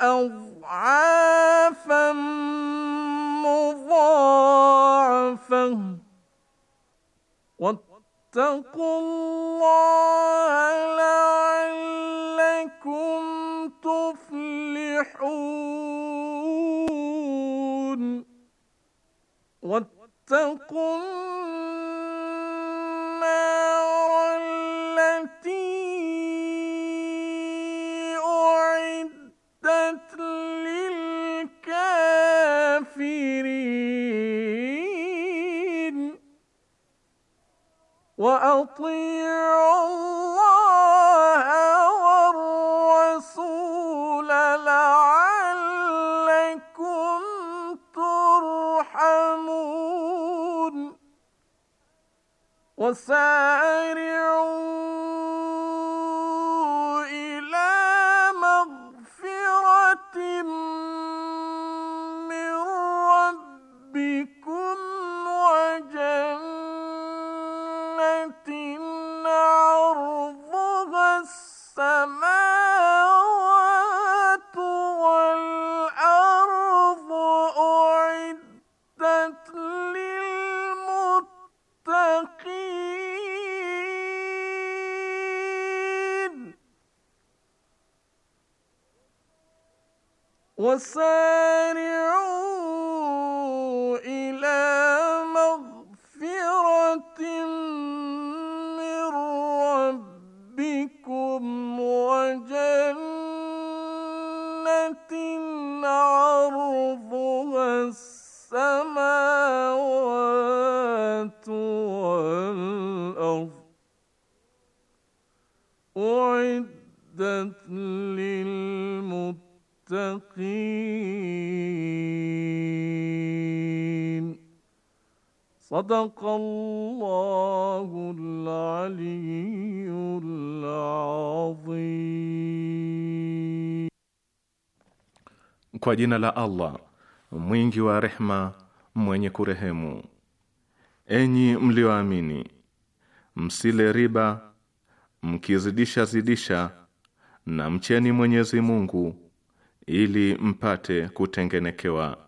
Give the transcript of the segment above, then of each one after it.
أضعافا مضاعفة واتقوا الله لعلكم تفلحون واتقوا الله والرسول لعلكم ترحمون وسارعوا yes sir Sadakallahul aliyyul adhim. Kwa jina la Allah mwingi wa rehma mwenye kurehemu. Enyi mlioamini, msile riba, mkizidisha zidisha, na mcheni Mwenyezi Mungu ili mpate kutengenekewa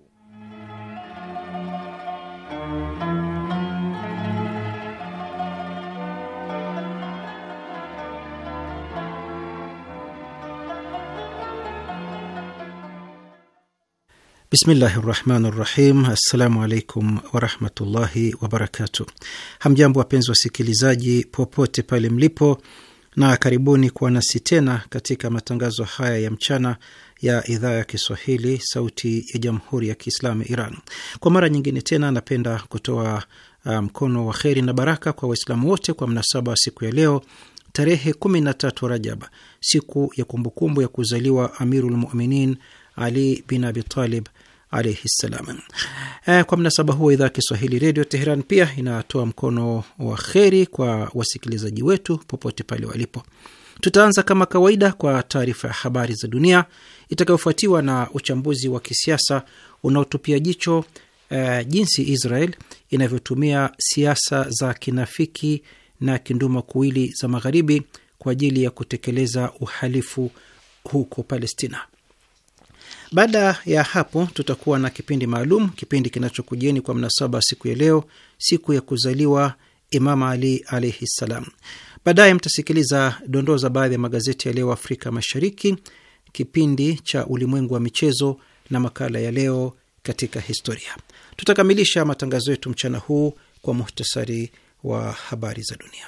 Bismillahi rahmani rahim. Assalamu alaikum warahmatullahi wabarakatu Hamjambo wapenzi wasikilizaji popote pale mlipo, na karibuni kuwa nasi tena katika matangazo haya ya mchana ya idhaa ya Kiswahili sauti ya jamhuri ya Kiislamu Iran. Kwa mara nyingine tena napenda kutoa uh, mkono um, wa kheri na baraka kwa Waislamu wote kwa mnasaba wa siku ya leo tarehe 13 Rajaba, siku ya kumbukumbu ya kuzaliwa amirulmuminin Ali bin Abi Talib alaihi ssalam. E, eh, kwa mnasaba huo idhaa ya Kiswahili Redio Teheran pia inatoa mkono wa kheri kwa wasikilizaji wetu popote pale walipo. Tutaanza kama kawaida kwa taarifa ya habari za dunia itakayofuatiwa na uchambuzi wa kisiasa unaotupia jicho e, jinsi Israel inavyotumia siasa za kinafiki na kinduma kuwili za magharibi kwa ajili ya kutekeleza uhalifu huko Palestina. Baada ya hapo, tutakuwa na kipindi maalum, kipindi kinachokujieni kwa mnasaba siku ya leo, siku ya kuzaliwa Imam Ali alaihi ssalam. Baadaye mtasikiliza dondoo za baadhi ya magazeti ya leo Afrika Mashariki, kipindi cha ulimwengu wa michezo na makala ya leo katika historia. Tutakamilisha matangazo yetu mchana huu kwa muhtasari wa habari za dunia.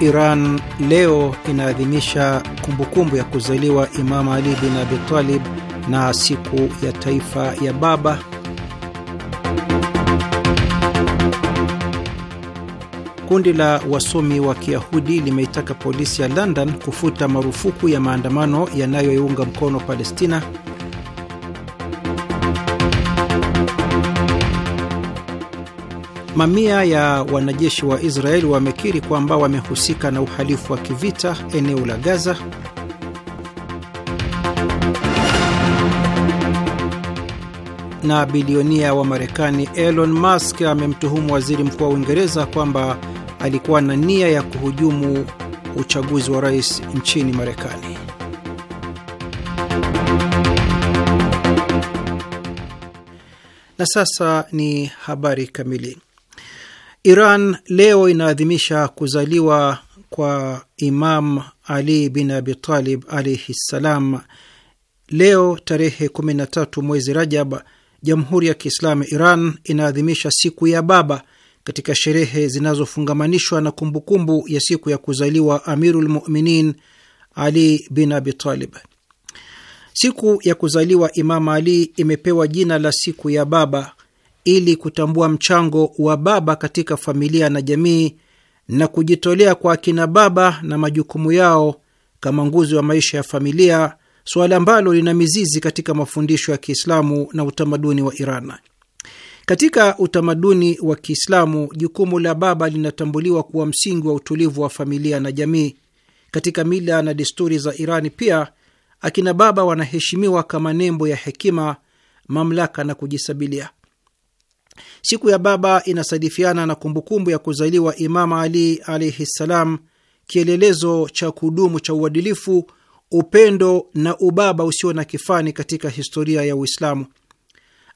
Iran leo inaadhimisha kumbukumbu ya kuzaliwa Imam Ali bin Abi Talib na siku ya taifa ya baba. Kundi la wasomi wa Kiyahudi limeitaka polisi ya London kufuta marufuku ya maandamano yanayoiunga mkono Palestina. Mamia ya wanajeshi wa Israeli wamekiri kwamba wamehusika na uhalifu wa kivita eneo la Gaza. Na bilionia wa Marekani Elon Musk amemtuhumu waziri mkuu wa Uingereza kwamba alikuwa na nia ya kuhujumu uchaguzi wa rais nchini Marekani. Na sasa ni habari kamili. Iran leo inaadhimisha kuzaliwa kwa Imam Ali bin Abi Talib alaihi ssalam. Leo tarehe 13 mwezi Rajab, Jamhuri ya Kiislamu Iran inaadhimisha siku ya baba katika sherehe zinazofungamanishwa na kumbukumbu ya siku ya kuzaliwa Amirul Muminin Ali bin Abi Talib. Siku ya kuzaliwa Imam Ali imepewa jina la siku ya baba ili kutambua mchango wa baba katika familia na jamii na kujitolea kwa akina baba na majukumu yao kama nguzi wa maisha ya familia, suala ambalo lina mizizi katika mafundisho ya Kiislamu na utamaduni wa Iran. Katika utamaduni wa Kiislamu, jukumu la baba linatambuliwa kuwa msingi wa utulivu wa familia na jamii. Katika mila na desturi za Irani pia akina baba wanaheshimiwa kama nembo ya hekima, mamlaka na kujisabilia. Siku ya baba inasadifiana na kumbukumbu ya kuzaliwa Imam Ali alaihi ssalam, kielelezo cha kudumu cha uadilifu, upendo na ubaba usio na kifani katika historia ya Uislamu.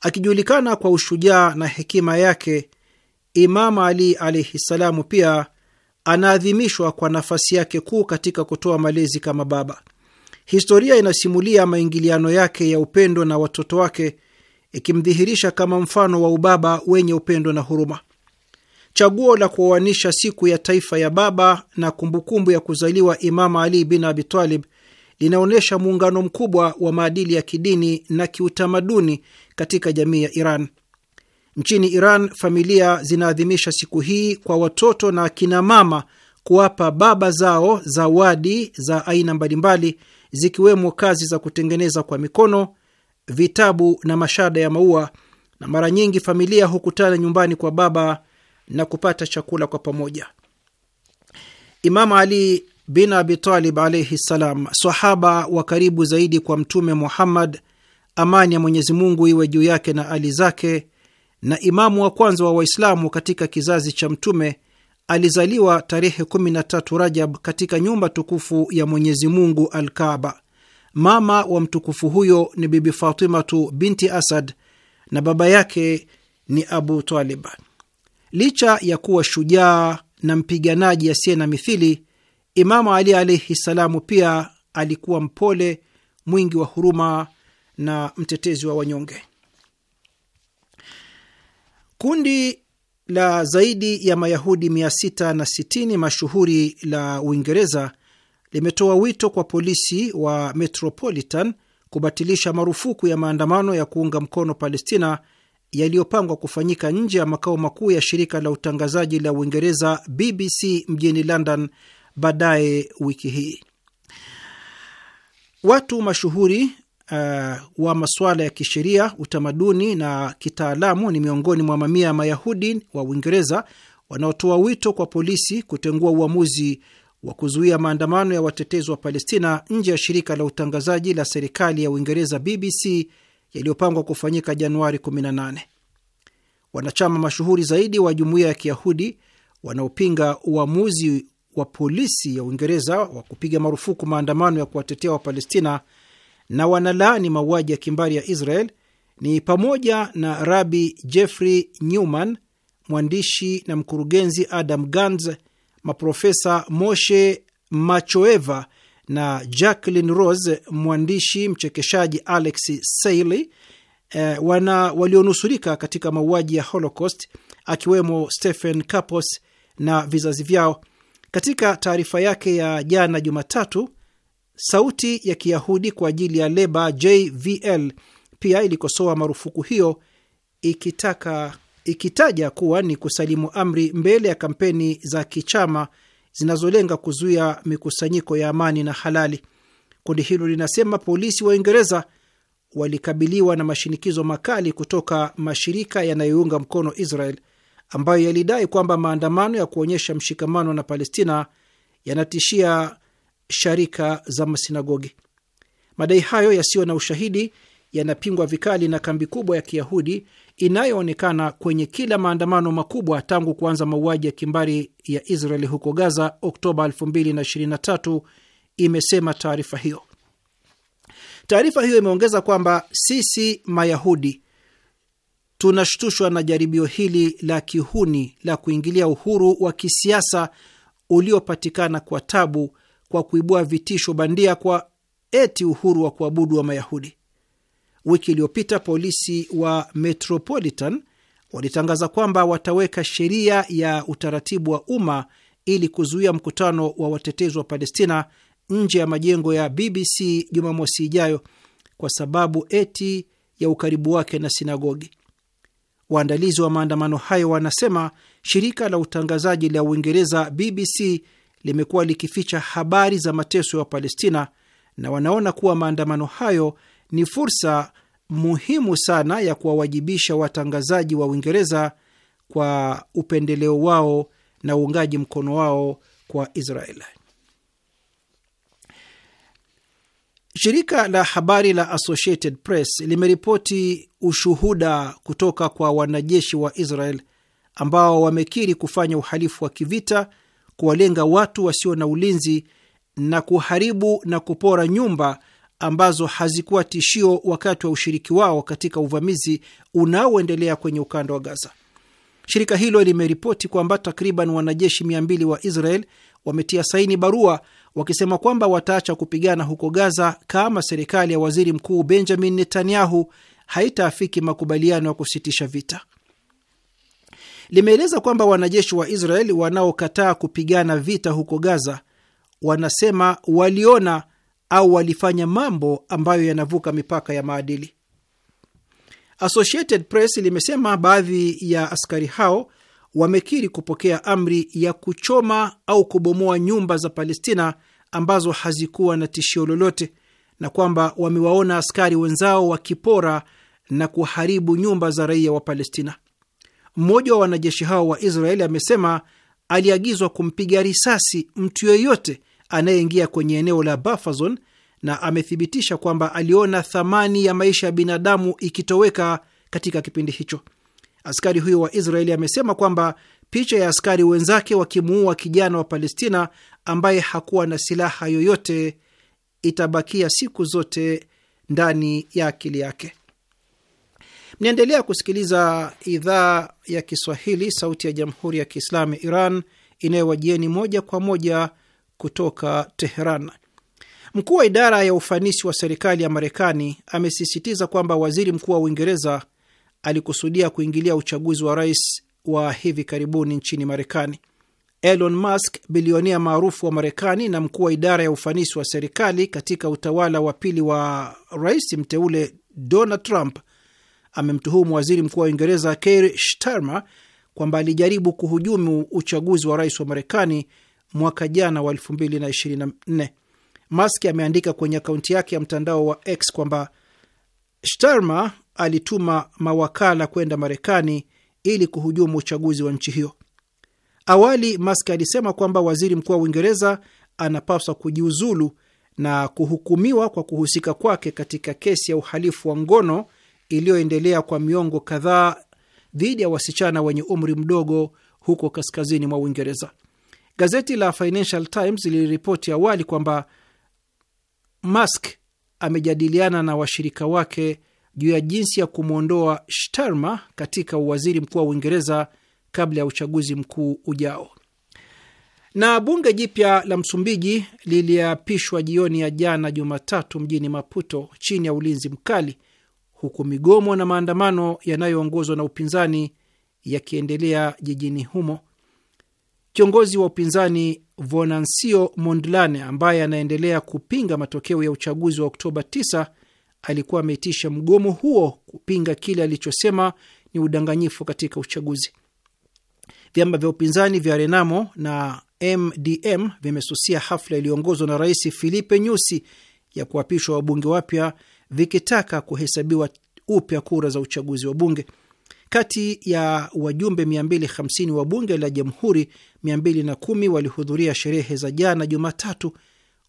Akijulikana kwa ushujaa na hekima yake, Imam Ali alaihi ssalamu pia anaadhimishwa kwa nafasi yake kuu katika kutoa malezi kama baba. Historia inasimulia maingiliano yake ya upendo na watoto wake ikimdhihirisha kama mfano wa ubaba wenye upendo na huruma. Chaguo la kuoanisha siku ya taifa ya baba na kumbukumbu ya kuzaliwa Imama Ali bin Abi Talib linaonyesha muungano mkubwa wa maadili ya kidini na kiutamaduni katika jamii ya Iran. Nchini Iran, familia zinaadhimisha siku hii kwa watoto na akinamama kuwapa baba zao zawadi za aina mbalimbali, zikiwemo kazi za kutengeneza kwa mikono, vitabu na mashada ya maua, na mara nyingi familia hukutana nyumbani kwa baba na kupata chakula kwa pamoja. Imam Ali bin Abi Talib alaihi ssalam, sahaba wa karibu zaidi kwa Mtume Muhammad, amani ya Mwenyezi Mungu iwe juu yake na ali zake, na imamu wa kwanza wa Waislamu katika kizazi cha Mtume, alizaliwa tarehe 13 Rajab katika nyumba tukufu ya Mwenyezi Mungu, Alkaaba, Mama wa mtukufu huyo ni Bibi Fatimatu binti Asad na baba yake ni Abu Talib. Licha ya kuwa shujaa na mpiganaji asiye na mithili, Imamu Ali alaihi salamu pia alikuwa mpole, mwingi wa huruma na mtetezi wa wanyonge. Kundi la zaidi ya Mayahudi 660 mashuhuri la Uingereza limetoa wito kwa polisi wa Metropolitan kubatilisha marufuku ya maandamano ya kuunga mkono Palestina yaliyopangwa kufanyika nje ya makao makuu ya shirika la utangazaji la Uingereza BBC mjini London baadaye wiki hii. Watu mashuhuri uh, wa masuala ya kisheria, utamaduni na kitaalamu ni miongoni mwa mamia ya Mayahudi wa Uingereza wanaotoa wito kwa polisi kutengua uamuzi wa kuzuia maandamano ya watetezi wa Palestina nje ya shirika la utangazaji la serikali ya Uingereza BBC yaliyopangwa kufanyika Januari 18. Wanachama mashuhuri zaidi wa jumuiya ya Kiyahudi wanaopinga uamuzi wa polisi ya Uingereza wa kupiga marufuku maandamano ya kuwatetea Wapalestina na wanalaani mauaji ya kimbari ya Israel ni pamoja na Rabi Jeffrey Newman, mwandishi na mkurugenzi Adam Ganz maprofesa Moshe Machoeva na Jacqueline Rose, mwandishi mchekeshaji Alex Seily eh, wana walionusurika katika mauaji ya Holocaust, akiwemo Stephen Kapos na vizazi vyao. Katika taarifa yake ya jana Jumatatu, sauti ya Kiyahudi kwa ajili ya leba JVL pia ilikosoa marufuku hiyo ikitaka ikitaja kuwa ni kusalimu amri mbele ya kampeni za kichama zinazolenga kuzuia mikusanyiko ya amani na halali. Kundi hilo linasema polisi wa Uingereza walikabiliwa na mashinikizo makali kutoka mashirika yanayoiunga mkono Israel ambayo yalidai kwamba maandamano ya kuonyesha mshikamano na Palestina yanatishia sharika za masinagogi. Madai hayo yasiyo na ushahidi yanapingwa vikali na kambi kubwa ya Kiyahudi inayoonekana kwenye kila maandamano makubwa tangu kuanza mauaji ya kimbari ya Israeli huko Gaza Oktoba 2023, imesema taarifa hiyo. Taarifa hiyo imeongeza kwamba sisi Mayahudi tunashtushwa na jaribio hili la kihuni la kuingilia uhuru wa kisiasa uliopatikana kwa tabu kwa kuibua vitisho bandia kwa eti uhuru wa kuabudu wa Mayahudi. Wiki iliyopita polisi wa Metropolitan walitangaza kwamba wataweka sheria ya utaratibu wa umma ili kuzuia mkutano wa watetezi wa Palestina nje ya majengo ya BBC Jumamosi ijayo kwa sababu eti ya ukaribu wake na sinagogi. Waandalizi wa maandamano hayo wanasema shirika la utangazaji la Uingereza BBC limekuwa likificha habari za mateso ya Palestina na wanaona kuwa maandamano hayo ni fursa muhimu sana ya kuwawajibisha watangazaji wa Uingereza kwa upendeleo wao na uungaji mkono wao kwa israel Shirika la habari la Associated Press limeripoti ushuhuda kutoka kwa wanajeshi wa Israel ambao wamekiri kufanya uhalifu wa kivita, kuwalenga watu wasio na ulinzi na kuharibu na kupora nyumba ambazo hazikuwa tishio wakati wa ushiriki wao katika uvamizi unaoendelea kwenye ukanda wa Gaza. Shirika hilo limeripoti kwamba takriban wanajeshi 200 wa Israel wametia saini barua wakisema kwamba wataacha kupigana huko Gaza kama serikali ya waziri mkuu Benjamin Netanyahu haitaafiki makubaliano ya kusitisha vita. Limeeleza kwamba wanajeshi wa Israel wanaokataa kupigana vita huko Gaza wanasema waliona au walifanya mambo ambayo yanavuka mipaka ya maadili. Associated Press limesema baadhi ya askari hao wamekiri kupokea amri ya kuchoma au kubomoa nyumba za Palestina ambazo hazikuwa na tishio lolote na kwamba wamewaona askari wenzao wakipora na kuharibu nyumba za raia wa Palestina. Mmoja wa wanajeshi hao wa Israeli amesema aliagizwa kumpiga risasi mtu yeyote anayeingia kwenye eneo la Bafazon na amethibitisha kwamba aliona thamani ya maisha ya binadamu ikitoweka katika kipindi hicho. Askari huyo wa Israeli amesema kwamba picha ya askari wenzake wakimuua kijana wa Palestina ambaye hakuwa na silaha yoyote itabakia siku zote ndani ya akili yake. Mnaendelea kusikiliza idhaa ya Kiswahili, sauti ya jamhuri ya kiislamu ya Iran inayowajieni moja kwa moja kutoka Teheran. Mkuu wa idara ya ufanisi wa serikali ya Marekani amesisitiza kwamba waziri mkuu wa Uingereza alikusudia kuingilia uchaguzi wa rais wa hivi karibuni nchini Marekani. Elon Musk, bilionea maarufu wa Marekani na mkuu wa idara ya ufanisi wa serikali katika utawala wa pili wa rais mteule Donald Trump, amemtuhumu waziri mkuu wa Uingereza Keir Starmer kwamba alijaribu kuhujumu uchaguzi wa rais wa Marekani mwaka jana wa 2024. Musk ameandika kwenye akaunti yake ya mtandao wa X kwamba Starmer alituma mawakala kwenda Marekani ili kuhujumu uchaguzi wa nchi hiyo. Awali Musk alisema kwamba waziri mkuu wa Uingereza anapaswa kujiuzulu na kuhukumiwa kwa kuhusika kwake katika kesi ya uhalifu wa ngono iliyoendelea kwa miongo kadhaa dhidi ya wasichana wenye umri mdogo huko kaskazini mwa Uingereza. Gazeti la Financial Times liliripoti awali kwamba Musk amejadiliana na washirika wake juu ya jinsi ya kumwondoa Starmer katika uwaziri mkuu wa Uingereza kabla ya uchaguzi mkuu ujao. Na bunge jipya la Msumbiji liliapishwa jioni ya jana Jumatatu mjini Maputo chini ya ulinzi mkali, huku migomo na maandamano yanayoongozwa na upinzani yakiendelea jijini humo Kiongozi wa upinzani vonancio Mondlane, ambaye anaendelea kupinga matokeo ya uchaguzi wa Oktoba 9, alikuwa ameitisha mgomo huo kupinga kile alichosema ni udanganyifu katika uchaguzi. Vyama vya upinzani vya Renamo na MDM vimesusia hafla iliyoongozwa na Rais Filipe Nyusi ya kuapishwa wabunge wapya vikitaka kuhesabiwa upya kura za uchaguzi wa bunge. Kati ya wajumbe 250 wa bunge la jamhuri, 210 walihudhuria sherehe za jana Jumatatu,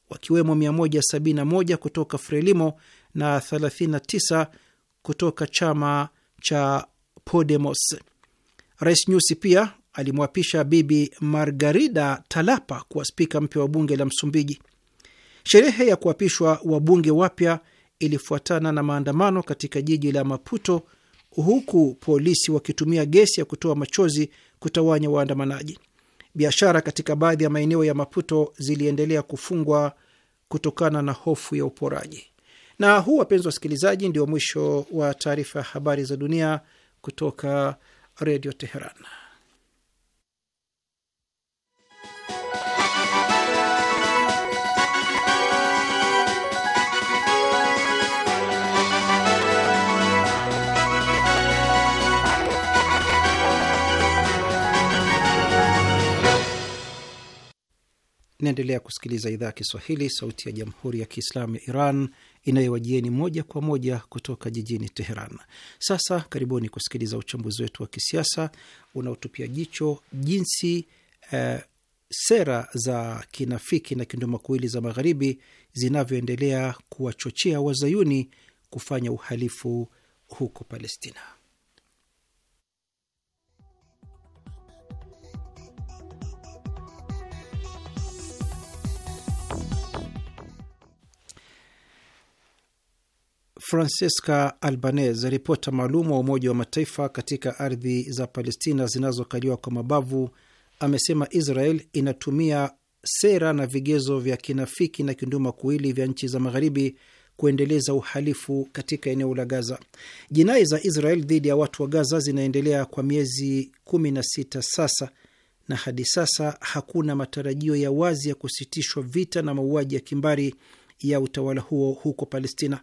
wakiwemo 171 kutoka Frelimo na 39 kutoka chama cha Podemos. Rais Nyusi pia alimwapisha Bibi Margarida Talapa kuwa spika mpya wa bunge la Msumbiji. Sherehe ya kuapishwa wabunge wapya ilifuatana na maandamano katika jiji la Maputo huku polisi wakitumia gesi ya kutoa machozi kutawanya waandamanaji. Biashara katika baadhi ya maeneo ya Maputo ziliendelea kufungwa kutokana na hofu ya uporaji. Na huu, wapenzi wa wasikilizaji, ndio mwisho wa taarifa ya habari za dunia kutoka Redio Teheran. Inaendelea kusikiliza idhaa ya Kiswahili, sauti ya jamhuri ya kiislamu ya Iran inayowajieni moja kwa moja kutoka jijini Teheran. Sasa karibuni kusikiliza uchambuzi wetu wa kisiasa unaotupia jicho jinsi eh, sera za kinafiki na kindumakuwili za magharibi zinavyoendelea kuwachochea wazayuni kufanya uhalifu huko Palestina. Francesca Albanese, ripota maalum wa Umoja wa Mataifa katika ardhi za Palestina zinazokaliwa kwa mabavu, amesema Israel inatumia sera na vigezo vya kinafiki na kinduma kuili vya nchi za Magharibi kuendeleza uhalifu katika eneo la Gaza. Jinai za Israel dhidi ya watu wa Gaza zinaendelea kwa miezi 16 sasa, na hadi sasa hakuna matarajio ya wazi ya kusitishwa vita na mauaji ya kimbari ya utawala huo huko Palestina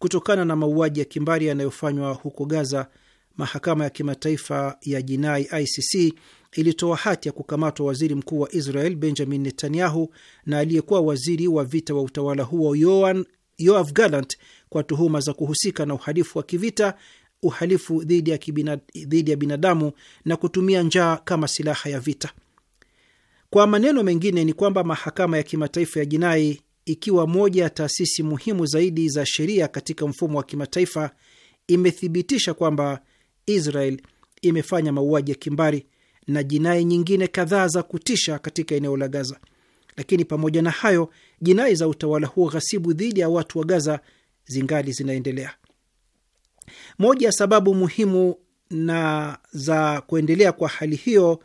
kutokana na mauaji ya kimbari yanayofanywa huko Gaza, mahakama ya kimataifa ya jinai ICC ilitoa hati ya kukamatwa waziri mkuu wa Israel Benjamin Netanyahu na aliyekuwa waziri wa vita wa utawala huo Yoav Gallant kwa tuhuma za kuhusika na uhalifu wa kivita, uhalifu dhidi ya, dhidi ya binadamu na kutumia njaa kama silaha ya vita. Kwa maneno mengine ni kwamba mahakama ya kimataifa ya jinai ikiwa moja ya taasisi muhimu zaidi za sheria katika mfumo wa kimataifa, imethibitisha kwamba Israel imefanya mauaji ya kimbari na jinai nyingine kadhaa za kutisha katika eneo la Gaza. Lakini pamoja na hayo, jinai za utawala huo ghasibu dhidi ya watu wa Gaza zingali zinaendelea. Moja ya sababu muhimu na za kuendelea kwa hali hiyo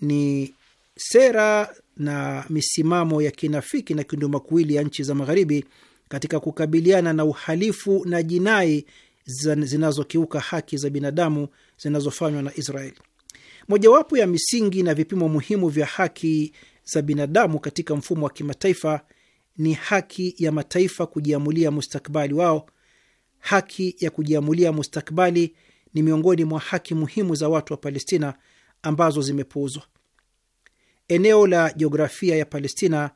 ni sera na misimamo ya kinafiki na kindumakuwili ya nchi za Magharibi katika kukabiliana na uhalifu na jinai zinazokiuka haki za binadamu zinazofanywa na Israeli. Mojawapo ya misingi na vipimo muhimu vya haki za binadamu katika mfumo wa kimataifa ni haki ya mataifa kujiamulia mustakabali wao. Haki ya kujiamulia mustakabali ni miongoni mwa haki muhimu za watu wa Palestina ambazo zimepuuzwa. Eneo la jiografia ya Palestina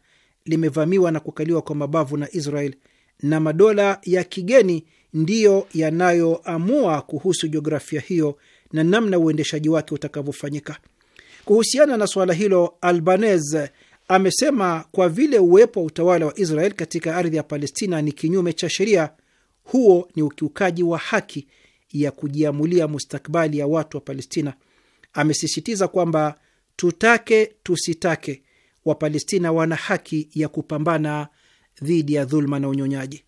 limevamiwa na kukaliwa kwa mabavu na Israel na madola ya kigeni ndiyo yanayoamua kuhusu jiografia hiyo na namna uendeshaji wake utakavyofanyika. Kuhusiana na suala hilo, Albanese amesema kwa vile uwepo wa utawala wa Israel katika ardhi ya Palestina ni kinyume cha sheria, huo ni ukiukaji wa haki ya kujiamulia mustakbali ya watu wa Palestina. Amesisitiza kwamba Tutake tusitake, Wapalestina wana haki ya kupambana dhidi ya dhuluma na unyonyaji.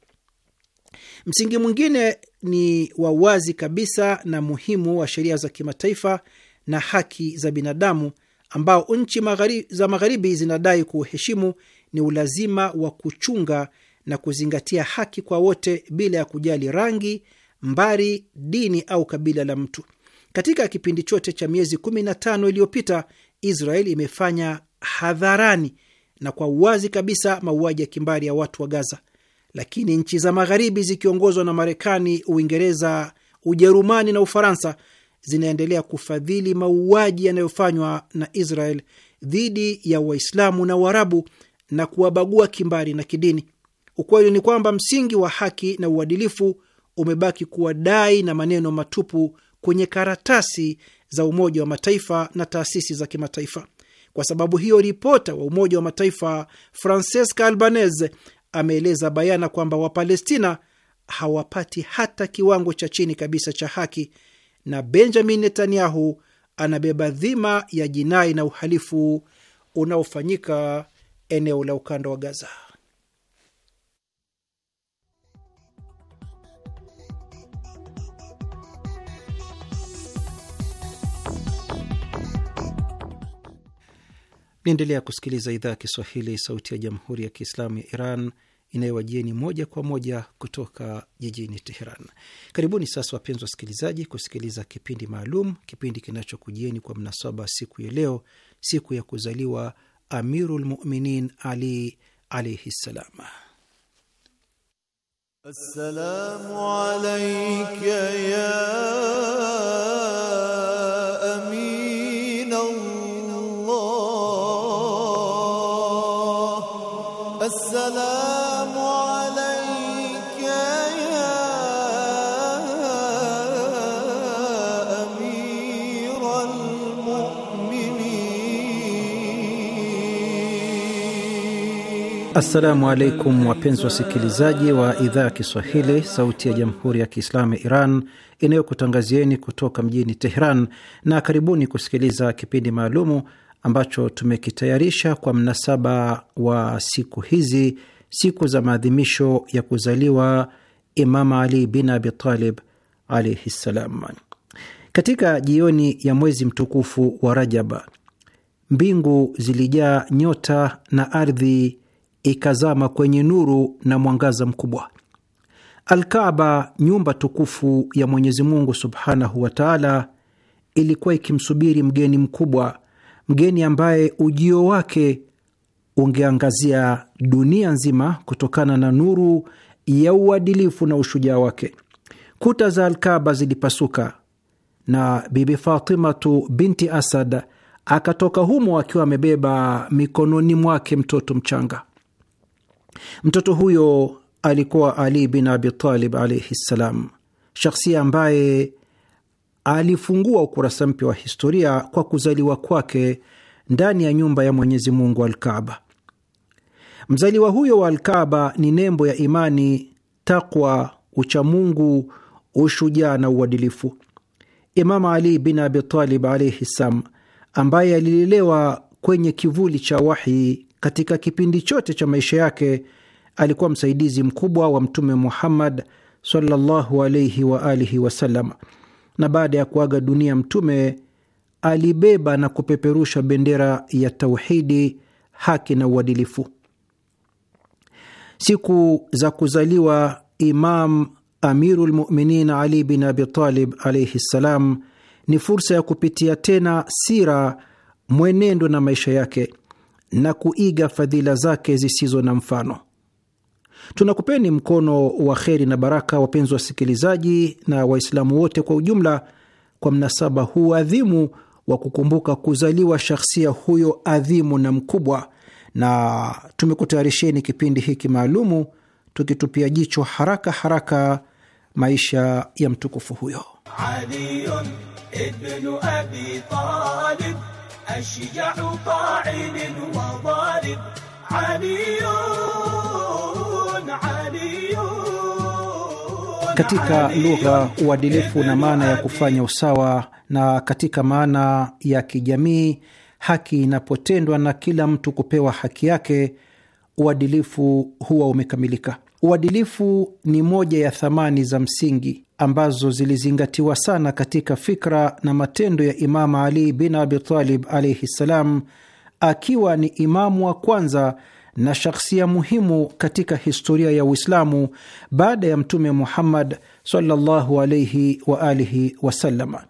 Msingi mwingine ni wa wazi kabisa na muhimu wa sheria za kimataifa na haki za binadamu ambao nchi magharibi, za magharibi zinadai kuuheshimu ni ulazima wa kuchunga na kuzingatia haki kwa wote bila ya kujali rangi, mbari, dini au kabila la mtu. Katika kipindi chote cha miezi 15 iliyopita Israel imefanya hadharani na kwa uwazi kabisa mauaji ya kimbari ya watu wa Gaza, lakini nchi za Magharibi zikiongozwa na Marekani, Uingereza, Ujerumani na Ufaransa zinaendelea kufadhili mauaji yanayofanywa na Israel dhidi ya Waislamu na Waarabu na kuwabagua kimbari na kidini. Ukweli ni kwamba msingi wa haki na uadilifu umebaki kuwa dai na maneno matupu kwenye karatasi za Umoja wa Mataifa na taasisi za kimataifa. Kwa sababu hiyo, ripota wa Umoja wa Mataifa Francesca Albanese ameeleza bayana kwamba Wapalestina hawapati hata kiwango cha chini kabisa cha haki na Benjamin Netanyahu anabeba dhima ya jinai na uhalifu unaofanyika eneo la ukanda wa Gaza. Naendelea kusikiliza idhaa ya Kiswahili, sauti ya jamhuri ya kiislamu ya Iran inayowajieni moja kwa moja kutoka jijini Teheran. Karibuni sasa wapenzi wasikilizaji, kusikiliza kipindi maalum, kipindi kinachokujieni kwa mnasaba siku ya leo, siku ya kuzaliwa Amirul Muminin Ali alaihi ssalam. Assalamu alayka ya Assalamu alaikum wapenzi wasikilizaji wa idhaa ya Kiswahili, sauti ya jamhuri ya kiislamu ya Iran inayokutangazieni kutoka mjini Teheran, na karibuni kusikiliza kipindi maalumu ambacho tumekitayarisha kwa mnasaba wa siku hizi, siku za maadhimisho ya kuzaliwa Imam Ali bin Abitalib alaihi ssalam. Katika jioni ya mwezi mtukufu wa Rajaba, mbingu zilijaa nyota na ardhi ikazama kwenye nuru na mwangaza mkubwa. Alkaba, nyumba tukufu ya Mwenyezi Mungu subhanahu wa taala, ilikuwa ikimsubiri mgeni mkubwa, mgeni ambaye ujio wake ungeangazia dunia nzima kutokana na nuru ya uadilifu na ushujaa wake. Kuta za Alkaba zilipasuka na Bibi Fatimatu binti Asad akatoka humo akiwa amebeba mikononi mwake mtoto mchanga. Mtoto huyo alikuwa Ali bin abitalib alaihi ssalam, shakhsia ambaye alifungua ukurasa mpya wa historia kwa kuzaliwa kwake ndani ya nyumba ya Mwenyezi Mungu alkaba Mzaliwa huyo wa alkaba ni nembo ya imani, takwa, uchamungu, ushujaa na uadilifu. Imam Ali bin abitalib alaihi ssalam, ambaye alilelewa kwenye kivuli cha wahi katika kipindi chote cha maisha yake alikuwa msaidizi mkubwa wa Mtume Muhammad sallallahu alaihi wa alihi wasallam, na baada ya kuaga dunia Mtume alibeba na kupeperusha bendera ya tauhidi, haki na uadilifu. Siku za kuzaliwa Imam amirulmuminin Ali bin Abitalib alaihi ssalam ni fursa ya kupitia tena sira, mwenendo na maisha yake na kuiga fadhila zake zisizo na mfano. Tunakupeni mkono wa kheri na baraka, wapenzi wasikilizaji na Waislamu wote kwa ujumla, kwa mnasaba huu adhimu wa kukumbuka kuzaliwa shakhsia huyo adhimu na mkubwa, na tumekutayarisheni kipindi hiki maalumu tukitupia jicho haraka haraka maisha ya mtukufu huyo أشجع طاعن وضارب علي katika lugha uadilifu na maana ya kufanya usawa, na katika maana ya kijamii haki inapotendwa na kila mtu kupewa haki yake, uadilifu huwa umekamilika. Uadilifu ni moja ya thamani za msingi ambazo zilizingatiwa sana katika fikra na matendo ya Imamu Ali bin Abitalib alaihi ssalam, akiwa ni imamu wa kwanza na shakhsia muhimu katika historia ya Uislamu baada ya Mtume Muhammad sallallahu alaihi alihi wasalama.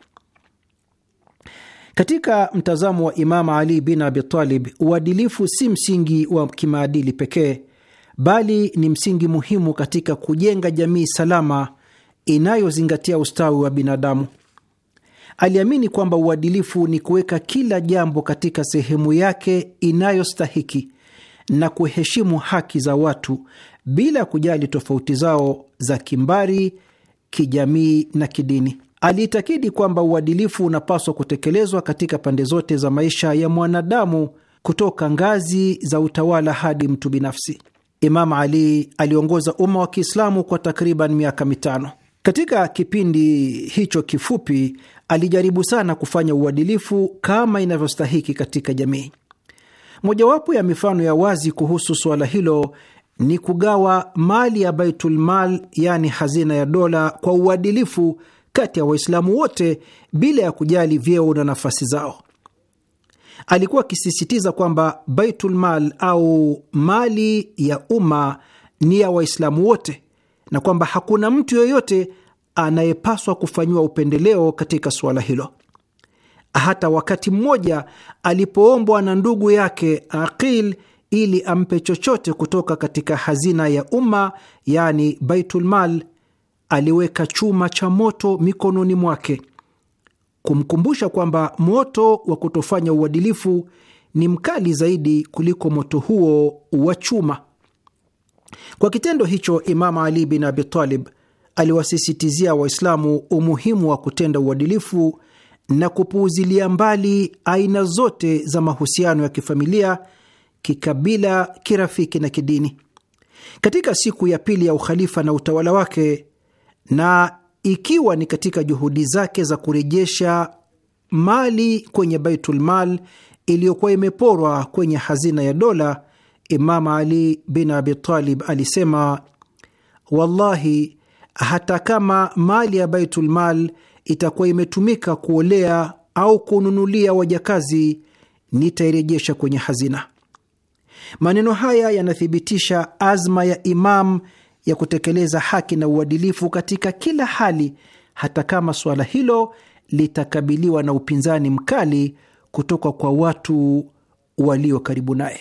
Katika mtazamo wa Imamu Ali bin Abitalib, uadilifu si msingi wa kimaadili pekee, bali ni msingi muhimu katika kujenga jamii salama inayozingatia ustawi wa binadamu. Aliamini kwamba uadilifu ni kuweka kila jambo katika sehemu yake inayostahiki na kuheshimu haki za watu bila kujali tofauti zao za kimbari, kijamii na kidini. Aliitakidi kwamba uadilifu unapaswa kutekelezwa katika pande zote za maisha ya mwanadamu, kutoka ngazi za utawala hadi mtu binafsi. Imam Ali aliongoza umma wa Kiislamu kwa takriban miaka mitano. Katika kipindi hicho kifupi, alijaribu sana kufanya uadilifu kama inavyostahiki katika jamii. Mojawapo ya mifano ya wazi kuhusu suala hilo ni kugawa mali ya Baitulmal, yani hazina ya dola, kwa uadilifu kati ya Waislamu wote bila ya kujali vyeo na nafasi zao. Alikuwa akisisitiza kwamba Baitulmal au mali ya umma ni ya Waislamu wote na kwamba hakuna mtu yoyote anayepaswa kufanyiwa upendeleo katika suala hilo. Hata wakati mmoja alipoombwa na ndugu yake Aqil ili ampe chochote kutoka katika hazina ya umma, yani baitulmal, aliweka chuma cha moto mikononi mwake kumkumbusha kwamba moto wa kutofanya uadilifu ni mkali zaidi kuliko moto huo wa chuma. Kwa kitendo hicho, Imamu Ali bin Abi Talib aliwasisitizia Waislamu umuhimu wa kutenda uadilifu na kupuuzilia mbali aina zote za mahusiano ya kifamilia, kikabila, kirafiki na kidini. Katika siku ya pili ya ukhalifa na utawala wake, na ikiwa ni katika juhudi zake za kurejesha mali kwenye Baitulmal iliyokuwa imeporwa kwenye hazina ya dola, Imam Ali bin Abi Talib alisema, wallahi, hata kama mali ya Baitulmal itakuwa imetumika kuolea au kununulia wajakazi, nitairejesha kwenye hazina. Maneno haya yanathibitisha azma ya Imam ya kutekeleza haki na uadilifu katika kila hali, hata kama suala hilo litakabiliwa na upinzani mkali kutoka kwa watu walio karibu naye.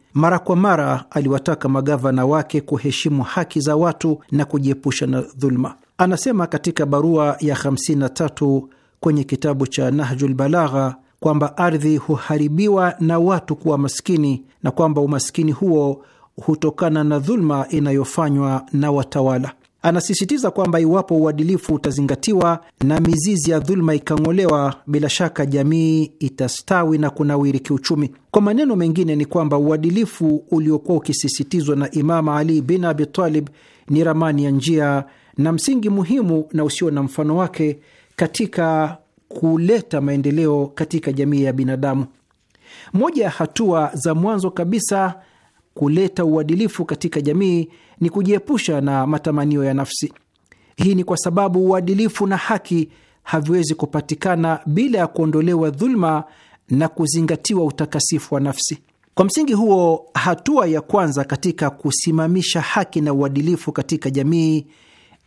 Mara kwa mara aliwataka magavana wake kuheshimu haki za watu na kujiepusha na dhuluma. Anasema katika barua ya 53 kwenye kitabu cha Nahjul Balagha kwamba ardhi huharibiwa na watu kuwa maskini na kwamba umaskini huo hutokana na dhuluma inayofanywa na watawala. Anasisitiza kwamba iwapo uadilifu utazingatiwa na mizizi ya dhuluma ikang'olewa, bila shaka jamii itastawi na kunawiri kiuchumi. Kwa maneno mengine, ni kwamba uadilifu uliokuwa ukisisitizwa na Imama Ali bin Abi Talib ni ramani ya njia na msingi muhimu na usio na mfano wake katika kuleta maendeleo katika jamii ya binadamu. Moja ya hatua za mwanzo kabisa kuleta uadilifu katika jamii ni kujiepusha na matamanio ya nafsi. Hii ni kwa sababu uadilifu na haki haviwezi kupatikana bila ya kuondolewa dhuluma na kuzingatiwa utakasifu wa nafsi. Kwa msingi huo, hatua ya kwanza katika kusimamisha haki na uadilifu katika jamii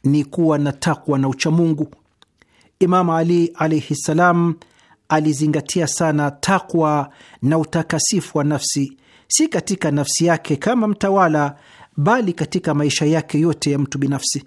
ni kuwa na takwa na uchamungu. Imamu Ali alaihi ssalam alizingatia sana takwa na utakasifu wa nafsi, si katika nafsi yake kama mtawala, bali katika maisha yake yote ya mtu binafsi.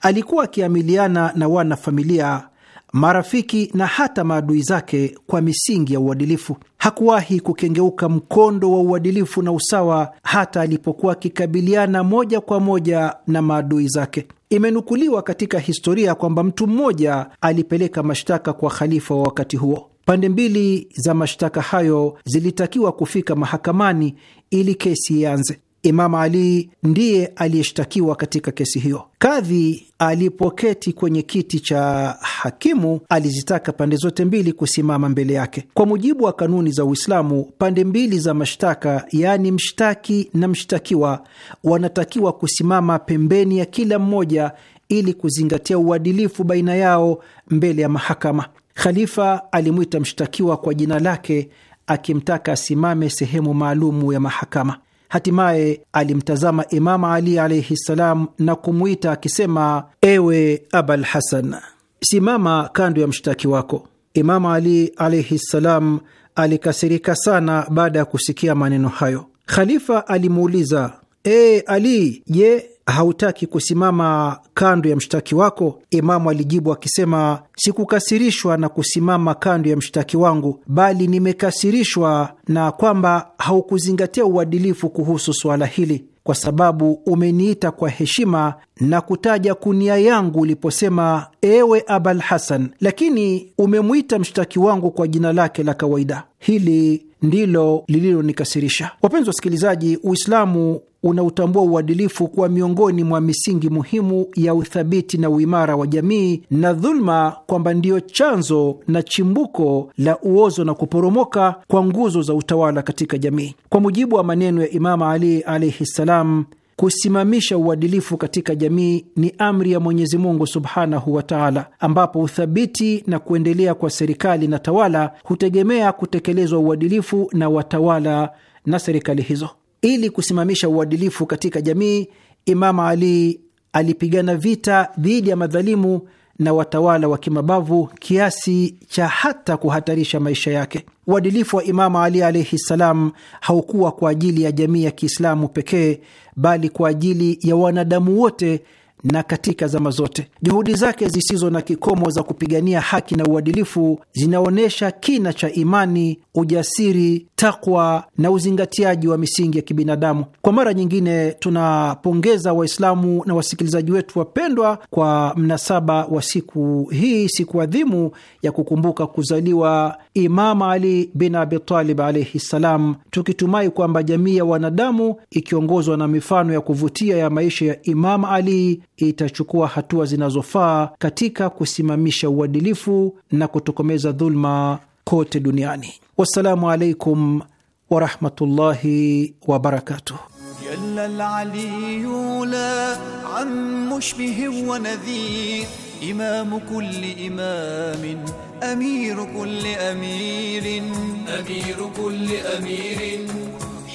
Alikuwa akiamiliana na wanafamilia, marafiki na hata maadui zake kwa misingi ya uadilifu. Hakuwahi kukengeuka mkondo wa uadilifu na usawa, hata alipokuwa akikabiliana moja kwa moja na maadui zake. Imenukuliwa katika historia kwamba mtu mmoja alipeleka mashtaka kwa khalifa wa wakati huo. Pande mbili za mashtaka hayo zilitakiwa kufika mahakamani ili kesi ianze. Imam Ali ndiye aliyeshtakiwa katika kesi hiyo. Kadhi alipoketi kwenye kiti cha hakimu, alizitaka pande zote mbili kusimama mbele yake. Kwa mujibu wa kanuni za Uislamu, pande mbili za mashtaka, yaani mshtaki na mshtakiwa, wanatakiwa kusimama pembeni ya kila mmoja ili kuzingatia uadilifu baina yao mbele ya mahakama. Khalifa alimwita mshtakiwa kwa jina lake, akimtaka asimame sehemu maalumu ya mahakama. Hatimaye alimtazama imamu Ali alaihi ssalam na kumwita akisema, ewe Abal Hasan, simama kando ya mshtaki wako. imamu Ali alaihi ssalam alikasirika sana baada ya kusikia maneno hayo. Khalifa alimuuliza, ee Ali, je, hautaki kusimama kando ya mshtaki wako? Imamu alijibu akisema, sikukasirishwa na kusimama kando ya mshtaki wangu, bali nimekasirishwa na kwamba haukuzingatia uadilifu kuhusu suala hili, kwa sababu umeniita kwa heshima na kutaja kunia yangu uliposema, ewe Abal Hasan, lakini umemwita mshtaki wangu kwa jina lake la kawaida. Hili ndilo lililonikasirisha. Wapenzi wasikilizaji, Uislamu unautambua uadilifu kuwa miongoni mwa misingi muhimu ya uthabiti na uimara wa jamii na dhuluma kwamba ndiyo chanzo na chimbuko la uozo na kuporomoka kwa nguzo za utawala katika jamii. Kwa mujibu wa maneno ya Imama Ali alaihi ssalam, kusimamisha uadilifu katika jamii ni amri ya Mwenyezi Mungu subhanahu wa taala, ambapo uthabiti na kuendelea kwa serikali na tawala hutegemea kutekelezwa uadilifu na watawala na serikali hizo. Ili kusimamisha uadilifu katika jamii, Imama Ali alipigana vita dhidi ya madhalimu na watawala wa kimabavu kiasi cha hata kuhatarisha maisha yake. Uadilifu wa Imamu Ali alaihi ssalam haukuwa kwa ajili ya jamii ya Kiislamu pekee, bali kwa ajili ya wanadamu wote na katika zama zote. Juhudi zake zisizo na kikomo za kupigania haki na uadilifu zinaonyesha kina cha imani, ujasiri, takwa na uzingatiaji wa misingi ya kibinadamu. Kwa mara nyingine, tunapongeza Waislamu na wasikilizaji wetu wapendwa kwa mnasaba wa siku hii, siku adhimu ya kukumbuka kuzaliwa Imam Ali bin Abi Talib alaihi ssalam, tukitumai kwamba jamii ya wanadamu ikiongozwa na mifano ya kuvutia ya maisha ya Imam Ali itachukua hatua zinazofaa katika kusimamisha uadilifu na kutokomeza dhuluma kote duniani. Wassalamu alaikum warahmatullahi wabarakatuh.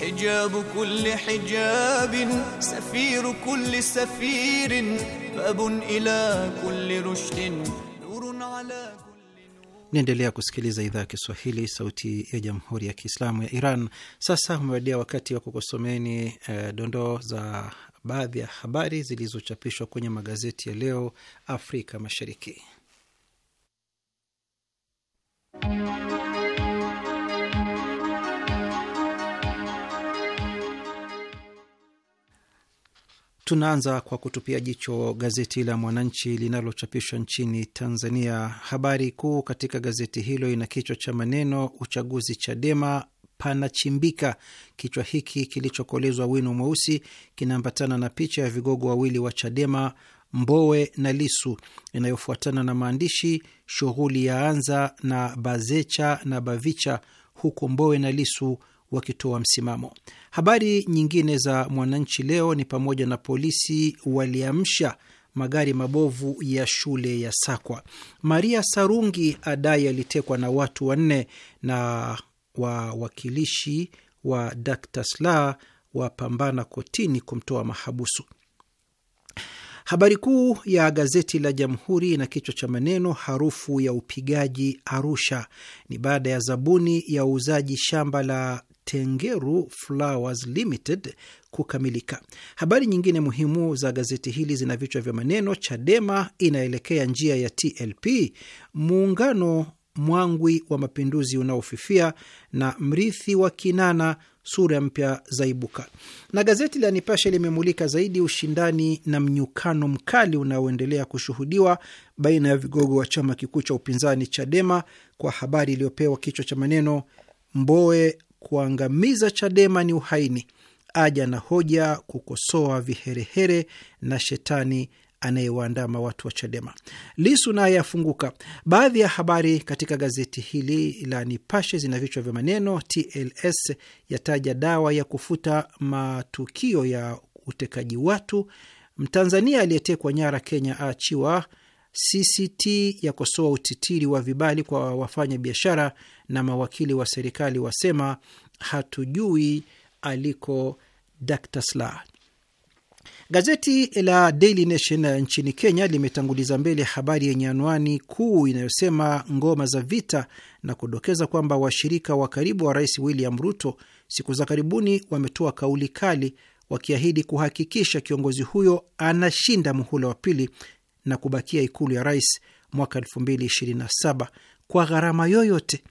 حجاب كل حجاب سفير كل سفير باب إلى كل رشد نور على كل kusikiliza idhaa ya Kiswahili, sauti ya jamhuri ya kiislamu ya Iran. Sasa umewadia wakati wa kukusomeni e, dondoo za baadhi ya habari zilizochapishwa kwenye magazeti ya leo Afrika Mashariki. Tunaanza kwa kutupia jicho gazeti la Mwananchi linalochapishwa nchini Tanzania. Habari kuu katika gazeti hilo ina kichwa cha maneno uchaguzi Chadema panachimbika. Kichwa hiki kilichokolezwa wino mweusi kinaambatana na picha ya vigogo wawili wa Chadema, Mbowe na Lisu, inayofuatana na maandishi shughuli ya anza na Bazecha na Bavicha, huku Mbowe na Lisu wakitoa msimamo. Habari nyingine za Mwananchi leo ni pamoja na polisi waliamsha magari mabovu ya shule ya Sakwa, Maria Sarungi adai alitekwa na watu wanne, na wawakilishi wa Dr. Sla wapambana kotini kumtoa mahabusu. Habari kuu ya gazeti la Jamhuri na kichwa cha maneno harufu ya upigaji Arusha ni baada ya zabuni ya uuzaji shamba la Tengeru Flowers Limited kukamilika. Habari nyingine muhimu za gazeti hili zina vichwa vya maneno: Chadema inaelekea njia ya TLP, muungano mwangwi wa mapinduzi unaofifia, na mrithi wa Kinana sura mpya zaibuka. Na gazeti la Nipashe limemulika zaidi ushindani na mnyukano mkali unaoendelea kushuhudiwa baina ya vigogo wa chama kikuu cha upinzani Chadema kwa habari iliyopewa kichwa cha maneno Mboe kuangamiza Chadema ni uhaini, aja na hoja kukosoa viherehere na shetani anayewaandama watu wa Chadema. Lisu naye afunguka. Baadhi ya habari katika gazeti hili la Nipashe zina vichwa vya maneno: TLS yataja dawa ya kufuta matukio ya utekaji watu, Mtanzania aliyetekwa nyara Kenya aachiwa CCT yakosoa utitiri wa vibali kwa wafanya biashara na mawakili wa serikali wasema hatujui aliko Dr. Sla. Gazeti la Daily Nation nchini Kenya limetanguliza mbele habari yenye anwani kuu inayosema ngoma za vita na kudokeza kwamba washirika wa karibu wa Rais William Ruto siku za karibuni wametoa kauli kali wakiahidi kuhakikisha kiongozi huyo anashinda muhula wa pili na kubakia ikulu ya rais mwaka 2027 kwa gharama yoyote,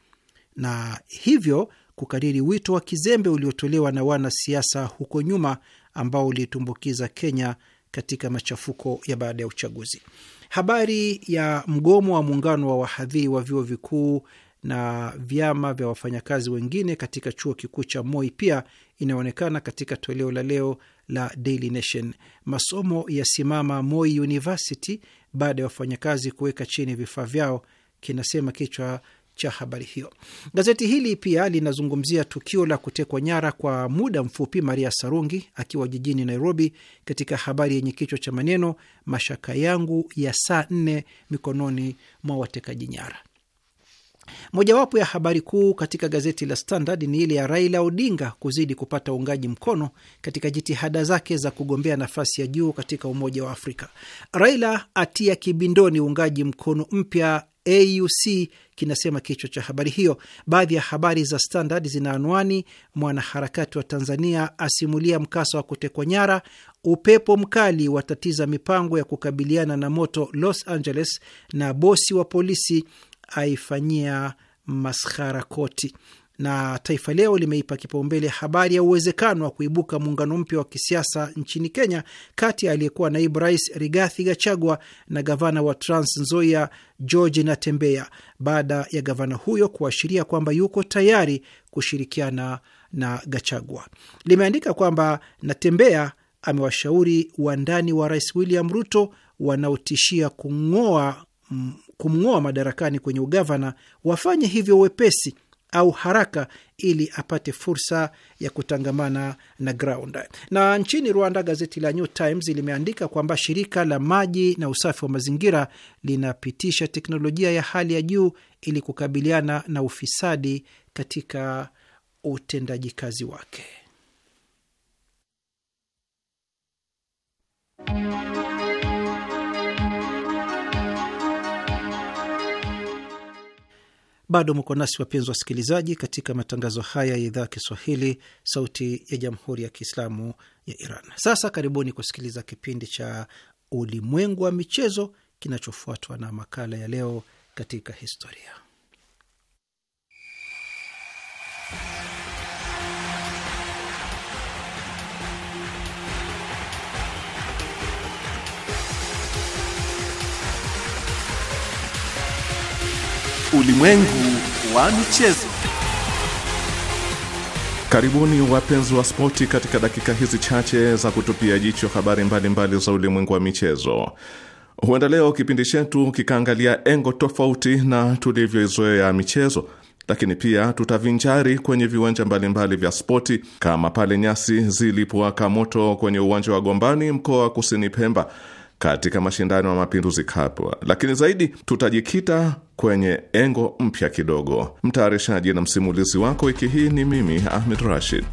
na hivyo kukariri wito wa kizembe uliotolewa na wanasiasa huko nyuma ambao ulitumbukiza Kenya katika machafuko ya baada ya uchaguzi. Habari ya mgomo wa muungano wa wahadhiri wa vyuo vikuu na vyama vya wafanyakazi wengine katika chuo kikuu cha Moi pia inaonekana katika toleo la leo la Daily Nation. Masomo yasimama Moi University baada ya wafanyakazi kuweka chini vifaa vyao, kinasema kichwa cha habari hiyo. Gazeti hili pia linazungumzia tukio la kutekwa nyara kwa muda mfupi Maria Sarungi akiwa jijini Nairobi, katika habari yenye kichwa cha maneno mashaka yangu ya saa nne mikononi mwa watekaji nyara. Mojawapo ya habari kuu katika gazeti la Standard ni ile ya Raila Odinga kuzidi kupata uungaji mkono katika jitihada zake za kugombea nafasi ya juu katika Umoja wa Afrika. Raila atia kibindoni uungaji mkono mpya AUC, kinasema kichwa cha habari hiyo. Baadhi ya habari za Standard zina anwani: mwanaharakati wa Tanzania asimulia mkasa wa kutekwa nyara, upepo mkali watatiza mipango ya kukabiliana na moto Los Angeles, na bosi wa polisi aifanyia maskhara koti na Taifa Leo limeipa kipaumbele habari ya uwezekano wa kuibuka muungano mpya wa kisiasa nchini Kenya kati ya aliyekuwa naibu rais Rigathi Gachagua na gavana wa Trans Nzoia George Natembeya baada ya gavana huyo kuashiria kwamba yuko tayari kushirikiana na Gachagua. Limeandika kwamba Natembeya amewashauri wandani wa rais William Ruto wanaotishia kung'oa kumng'oa madarakani kwenye ugavana wafanye hivyo wepesi au haraka ili apate fursa ya kutangamana na ground. Na nchini Rwanda, gazeti la New Times limeandika kwamba shirika la maji na usafi wa mazingira linapitisha teknolojia ya hali ya juu ili kukabiliana na ufisadi katika utendaji kazi wake. Bado mko nasi wapenzi wasikilizaji, katika matangazo haya ya idhaa Kiswahili sauti ya jamhuri ya kiislamu ya Iran. Sasa karibuni kusikiliza kipindi cha ulimwengu wa michezo kinachofuatwa na makala ya leo katika historia Ulimwengu wa michezo. Karibuni wapenzi wa spoti katika dakika hizi chache za kutupia jicho habari mbalimbali mbali za ulimwengu wa michezo. Huenda leo kipindi chetu kikaangalia engo tofauti na tulivyoizoea michezo, lakini pia tutavinjari kwenye viwanja mbalimbali vya spoti kama pale nyasi zilipowaka moto kwenye uwanja wa Gombani, mkoa wa Kusini Pemba, katika mashindano ya Mapinduzi Cup, lakini zaidi tutajikita kwenye engo mpya kidogo. Mtayarishaji na msimulizi wako wiki hii ni mimi Ahmed Rashid.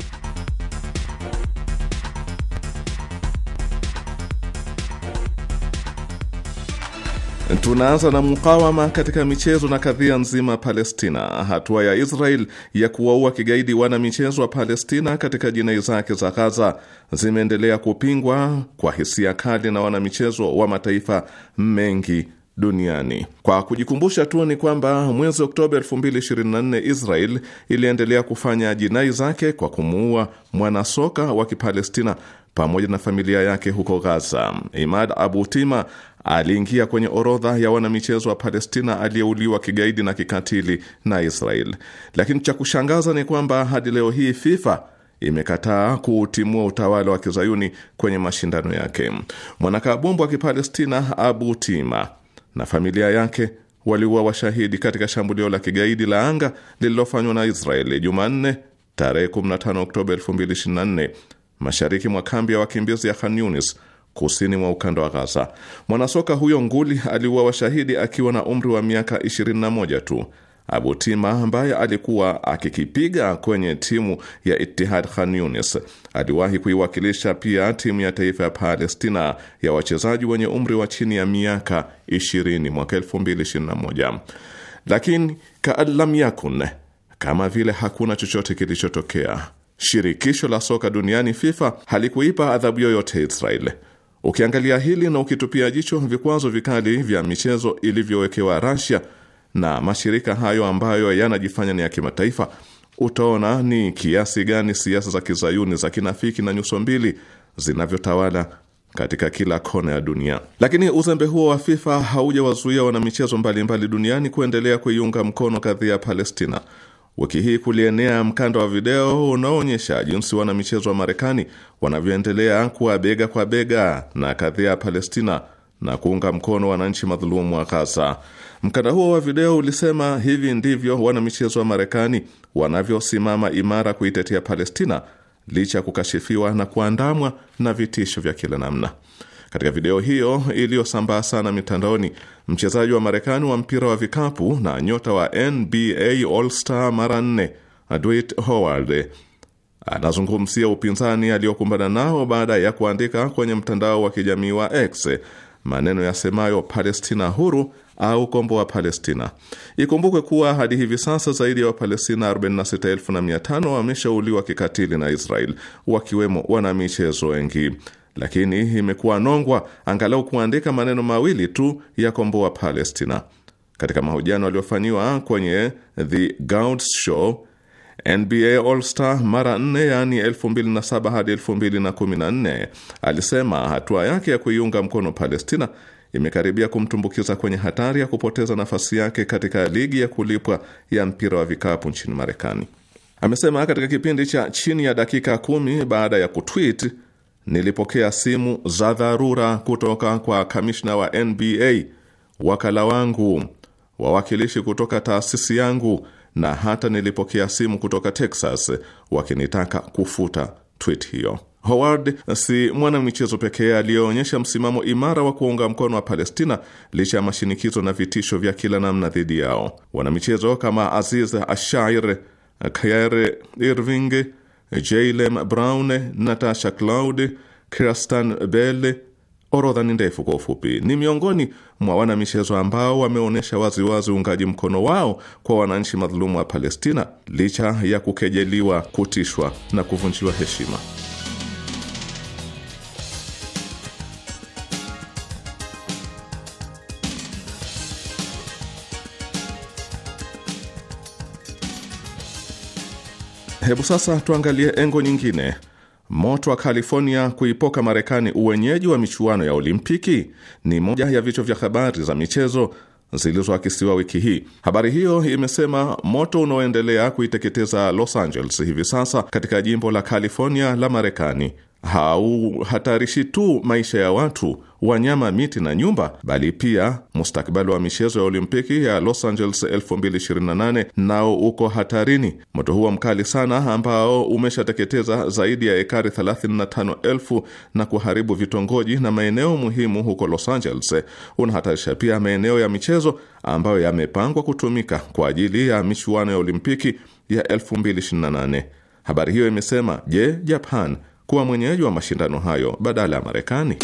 Tunaanza na mukawama katika michezo na kadhia nzima Palestina. Hatua ya Israel ya kuwaua kigaidi wana michezo wa Palestina katika jinai zake za Gaza zimeendelea kupingwa kwa hisia kali na wanamichezo wa mataifa mengi duniani. Kwa kujikumbusha tu ni kwamba mwezi Oktoba 2024 Israel iliendelea kufanya jinai zake kwa kumuua mwanasoka wa Kipalestina pamoja na familia yake huko Gaza. Imad Abu Tima aliingia kwenye orodha ya wanamichezo wa Palestina aliyeuliwa kigaidi na kikatili na Israel, lakini cha kushangaza ni kwamba hadi leo hii FIFA imekataa kuutimua utawala wa kizayuni kwenye mashindano yake. Mwanakabumbu wa Kipalestina Abu Tima na familia yake waliuwa washahidi katika shambulio la kigaidi la anga lililofanywa na Israeli Jumanne tarehe 15 Oktoba 2024 mashariki mwa kambi ya wakimbizi ya Khan Yunis kusini mwa ukanda wa Gaza. Mwanasoka huyo nguli aliuwa washahidi akiwa na umri wa miaka 21 tu. Abutima ambaye alikuwa akikipiga kwenye timu ya itihad Khan Yunis aliwahi kuiwakilisha pia timu ya taifa ya Palestina ya wachezaji wenye umri wa chini ya miaka 20 mwaka 2021, lakini kaalam yakun, kama vile hakuna chochote kilichotokea. Shirikisho la soka duniani FIFA halikuipa adhabu yoyote israel Ukiangalia hili na ukitupia jicho vikwazo vikali vya michezo ilivyowekewa Russia na mashirika hayo ambayo yanajifanya ni ya kimataifa, utaona ni kiasi gani siasa za kizayuni za kinafiki na nyuso mbili zinavyotawala katika kila kona ya dunia. Lakini uzembe huo wa FIFA haujawazuia wanamichezo mbalimbali duniani kuendelea kuiunga mkono kadhia ya Palestina. Wiki hii kulienea mkanda wa video unaoonyesha jinsi wanamichezo wa Marekani wanavyoendelea kuwa bega kwa bega na kadhia ya Palestina na kuunga mkono wananchi madhulumu wa Ghaza. Mkanda huo wa video ulisema hivi ndivyo wanamichezo wa Marekani wanavyosimama imara kuitetea Palestina licha ya kukashifiwa na kuandamwa na vitisho vya kila namna. Katika video hiyo iliyosambaa sana mitandaoni, mchezaji wa Marekani wa mpira wa vikapu na nyota wa NBA All-Star mara nne Dwight Howard anazungumzia upinzani aliyokumbana nao baada ya kuandika kwenye mtandao wa kijamii wa X maneno yasemayo Palestina huru au kombo wa Palestina. Ikumbukwe kuwa hadi hivi sasa zaidi ya Wapalestina 46,500 wameshauliwa kikatili na Israel, wakiwemo wanamichezo wengi, lakini imekuwa nongwa angalau kuandika maneno mawili tu ya kombo wa Palestina. Katika mahojiano aliyofanyiwa kwenye The Gaunt Show NBA All-Star mara nne, yaani 2007 hadi 2014, alisema hatua yake ya kuiunga mkono Palestina imekaribia kumtumbukiza kwenye hatari ya kupoteza nafasi yake katika ligi ya kulipwa ya mpira wa vikapu nchini Marekani. Amesema katika kipindi cha chini ya dakika kumi baada ya kutweet, nilipokea simu za dharura kutoka kwa kamishna wa NBA, wakala wangu, wawakilishi kutoka taasisi yangu na hata nilipokea simu kutoka Texas wakinitaka kufuta tweet hiyo. Howard si mwanamichezo pekee aliyeonyesha msimamo imara wa kuunga mkono wa Palestina licha ya mashinikizo na vitisho vya kila namna dhidi yao. Wanamichezo kama Aziz Ashair, Kyrie Irving, Jaylen Brown, Natasha Cloud, Kirsten Bell Orodha ni ndefu. Kwa ufupi, ni miongoni mwa wanamichezo ambao wameonyesha waziwazi uungaji mkono wao kwa wananchi madhulumu wa Palestina licha ya kukejeliwa, kutishwa na kuvunjiwa heshima. Hebu sasa tuangalie engo nyingine Moto wa California kuipoka Marekani uwenyeji wa michuano ya Olimpiki ni moja ya vichwa vya habari za michezo zilizoakisiwa wiki hii. Habari hiyo imesema moto unaoendelea kuiteketeza Los Angeles hivi sasa katika jimbo la California la Marekani hauhatarishi tu maisha ya watu wanyama, miti na nyumba, bali pia mustakabali wa michezo ya Olimpiki ya Los Angeles 2028 nao uko hatarini. Moto huo mkali sana ambao umeshateketeza zaidi ya ekari 35,000 na kuharibu vitongoji na maeneo muhimu huko Los Angeles unahatarisha pia maeneo ya michezo ambayo yamepangwa kutumika kwa ajili ya michuano ya Olimpiki ya 2028. Habari hiyo imesema, je, Japan kuwa mwenyeji wa mashindano hayo badala ya Marekani?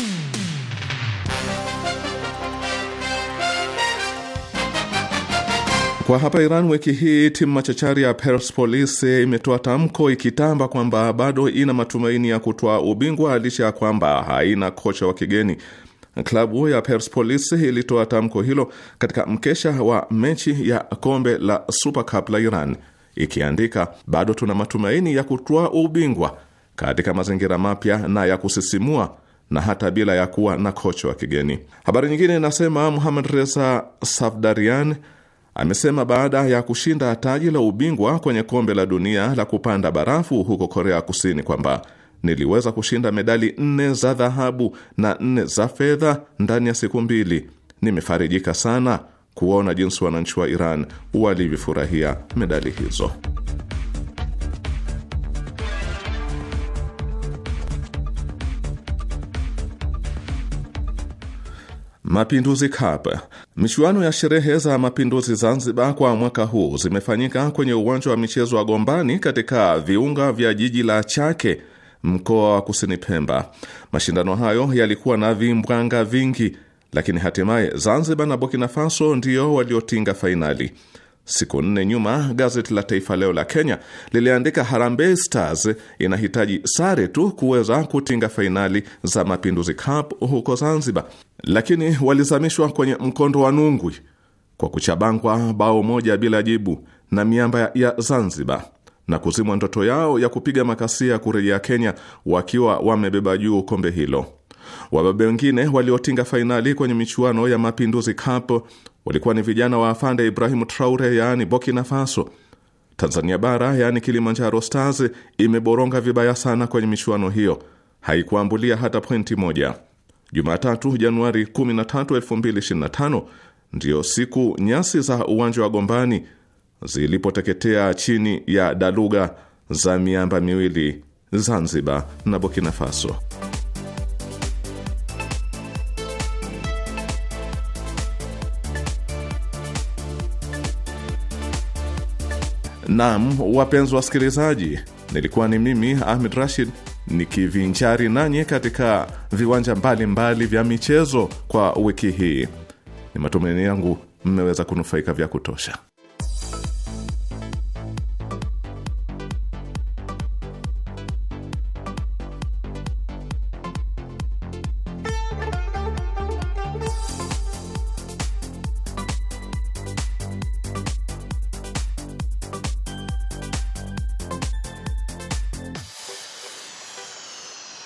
Kwa hapa Iran, wiki hii timu machachari ya Persepolis imetoa tamko ikitamba kwamba bado ina matumaini ya kutwaa ubingwa licha ya kwamba haina kocha wa kigeni. Klabu ya Persepolis ilitoa tamko hilo katika mkesha wa mechi ya kombe la Super Cup la Iran ikiandika, bado tuna matumaini ya kutoa ubingwa katika mazingira mapya na ya kusisimua na hata bila ya kuwa na kocha wa kigeni. Habari nyingine inasema Muhammad Reza Safdarian Amesema baada ya kushinda taji la ubingwa kwenye kombe la dunia la kupanda barafu huko Korea Kusini kwamba niliweza kushinda medali nne za dhahabu na nne za fedha ndani ya siku mbili. Nimefarijika sana kuona jinsi wananchi wa Iran walivyofurahia medali hizo. Mapinduzi Cup. Michuano ya sherehe za mapinduzi Zanzibar kwa mwaka huu zimefanyika kwenye uwanja wa michezo wa Gombani katika viunga vya jiji la Chake, mkoa wa Kusini Pemba. Mashindano hayo yalikuwa na vimbwanga vingi, lakini hatimaye Zanzibar na Burkina Faso ndio waliotinga fainali. Siku nne nyuma, gazeti la Taifa Leo la Kenya liliandika Harambee Stars inahitaji sare tu kuweza kutinga fainali za Mapinduzi Cup huko Zanzibar lakini walizamishwa kwenye mkondo wa Nungwi kwa kuchabangwa bao moja bila jibu na miamba ya Zanzibar na kuzimwa ndoto yao ya kupiga makasia kurejea Kenya wakiwa wamebeba juu kombe hilo. Wababe wengine waliotinga fainali kwenye michuano ya Mapinduzi Cup walikuwa ni vijana wa afande Ibrahimu traure yaani Burkina Faso. Tanzania Bara, yaani Kilimanjaro Stars, imeboronga vibaya sana kwenye michuano hiyo, haikuambulia hata pointi moja. Jumatatu Januari 13, 2025 ndiyo siku nyasi za uwanja wa Gombani zilipoteketea chini ya daluga za miamba miwili Zanzibar na Burkina Faso. Naam, wapenzi wasikilizaji, nilikuwa ni mimi Ahmed Rashid nikivinjari nanyi katika viwanja mbalimbali mbali vya michezo kwa wiki hii. Ni matumaini yangu mmeweza kunufaika vya kutosha.